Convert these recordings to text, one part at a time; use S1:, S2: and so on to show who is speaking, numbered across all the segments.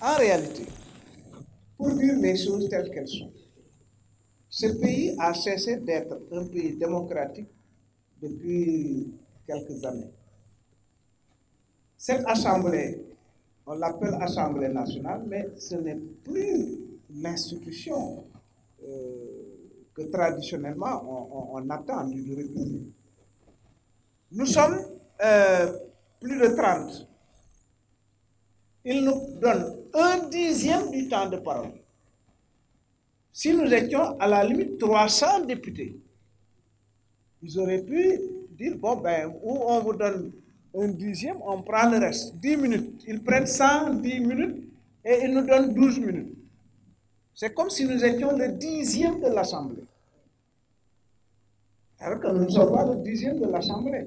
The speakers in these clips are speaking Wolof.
S1: En réalité, pour dire les choses telles qu'elles sont, ce pays a cessé d'être un pays démocratique depuis quelques années. Cette assemblée, on l'appelle Assemblée nationale, mais ce n'est plus l'institution euh, que traditionnellement on, attend du République. Nous sommes euh, plus de 30. Ils nous donnent un dixième du temps de parole. Si nous étions à la limite 300 députés, ils auraient pu dire, bon, ben, on vous donne un dixième, on prend le reste, 10 minutes. Ils prennent 110 minutes et ils nous donnent 12 minutes. C'est comme si nous étions le dixième de l'Assemblée alors que nous ne sommes pas le dixième de l'Assemblée.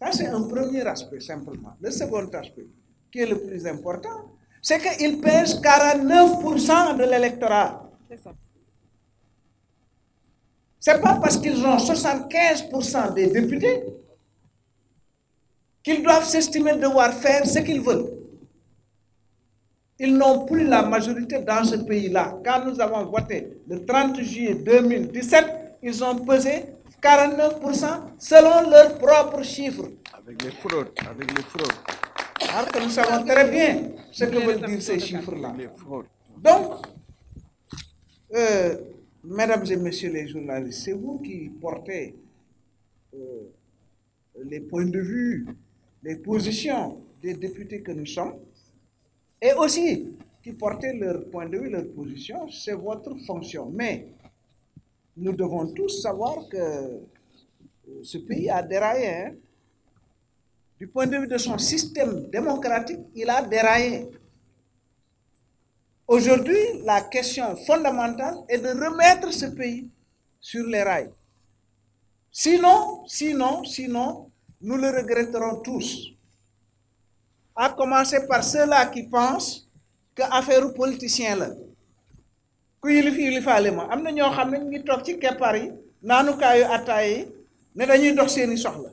S1: Ça, c'est un premier aspect, simplement. Le second aspect, qui est le plus important, c'est qu'ils pèsent 49% de l'électorat. C'est ça. C'est pas parce qu'ils ont 75% des députés qu'ils doivent s'estimer devoir faire ce qu'ils veulent. Ils n'ont plus la majorité dans ce pays-là. Quand nous avons voté le 30 juillet 2017, ils ont pesé 49% selon leurs propres chiffres. Avec les fraudes, avec les fraudes. Alors que nous savons très bien ce que veulent dire ces chiffres-là. Donc, euh, mesdames et messieurs les journalistes, c'est vous qui portez euh, les points de vue, les positions des députés que nous sommes, et aussi qui portez leur point de vue, leur position, c'est votre fonction. Mais nous devons tous savoir que euh, ce pays a déraillé. Hein. Du point de vue de son système démocratique, il a déraillé. Aujourd'hui, la question fondamentale est de remettre ce pays sur les rails. Sinon, sinon, sinon, nous le regretterons tous. À commencer par ceux-là qui pensent que affaire politiciens là. ku yilif yilifaale ma am na ñoo xam ne ñu ngi toog ci keppaar yi naanukaayu attaay yi ne dañuy dox seeni soxla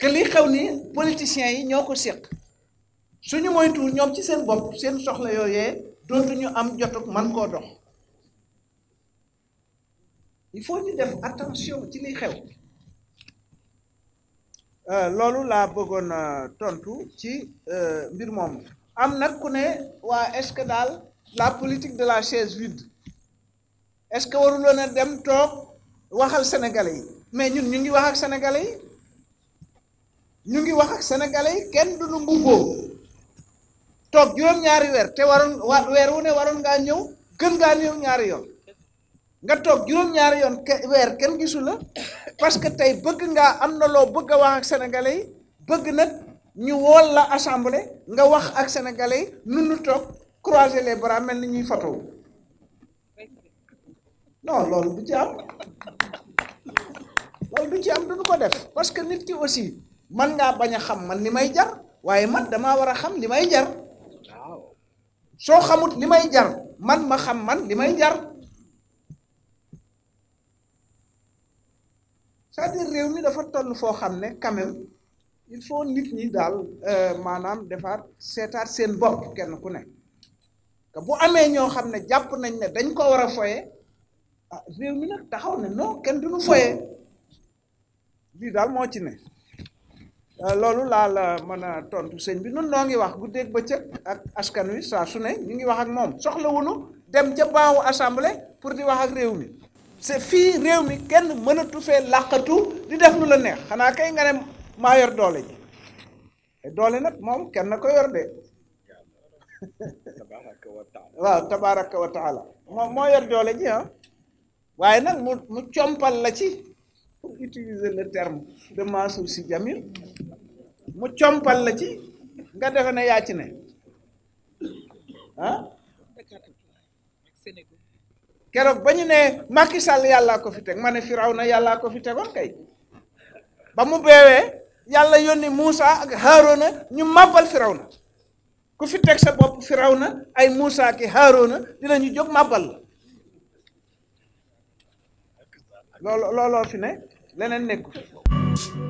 S1: que li xew ni politiciens yi ñoo ko séq suñu moytuwul ñoom ci seen bopp seen soxla yooyee dootuñu am jotug man koo dox il faut ñu def attention ci liy xew euh, loolu laa bëggoon euh, tontu ci euh, mbir moom am nag ku ne waa est-ce que daal la politique de la chaise vide est ce que warul wona dem tok waxal sénégalais yi mais ñun ñu ngi wax ak sénégalais yi ñu ngi wax ak sénégalais yi kenn du nu mbugo tok juroom ñaari weer te waroon wa wu ne waroon nga ñew gën nga ñew ñaari yoon nga tok juroom ñaari yoon ke kenn gisul la parce que tay bëgg nga am na lo bëgg wax ak sénégalais yi bëgg nak ñu wol la assemblée nga wax ak sénégalais yi nun nu tok croiser les bras mel ni ñuy photo non loolu du ci am loolu du ci am duñu ko def parce que nit ki aussi man nga baña xam man limay may jar waye man dama wara xam limay may jar so xamut limay may jar man ma xam man limay may jar c'est-à-dire réew mi dafa tollu fo xamne ne quand même il faut nit ñi euh manam defar seetaat sen bopp kenn ku ne que bu amee ñoo xam ne jàpp nañ ne dañ koo war a foye ah réew mi nag taxaw ne non kenn duñu fooyee lii daal moo ci ne euh, loolu laa la mën a tontu sëñ bi nun noo ngi wax ba bëccëg ak askan wi saa su ne ñu ngi wax ak soxla soxlawunu dem ca baawu assemblée pour di wax ak réew mi c'est fii réew mi kenn mënatu fee làqatu di def lu la neex xanaa kay nga ne maa yor doole ji doole nag moom kenn ko yor de tabaraka waaw tabaraka wa taala moo yor doole ji ah waaye nag mu mu compal la ci pour utiliser le terme de Mansour si Djamil mu compal la ci nga defe ne yaa ci ne ah keroog ba ñu ne Macky Sall yàllaa ko fi teg ma ne na yàlla ko fi tegoon kay ba mu beewee yàlla yónni Moussa ak Haaruna ñu màbbal na ku fi teg sa bopp na ay Muusa ki Haaruna dinañu jóg màbbal la looloo fi ne leneen nekku fi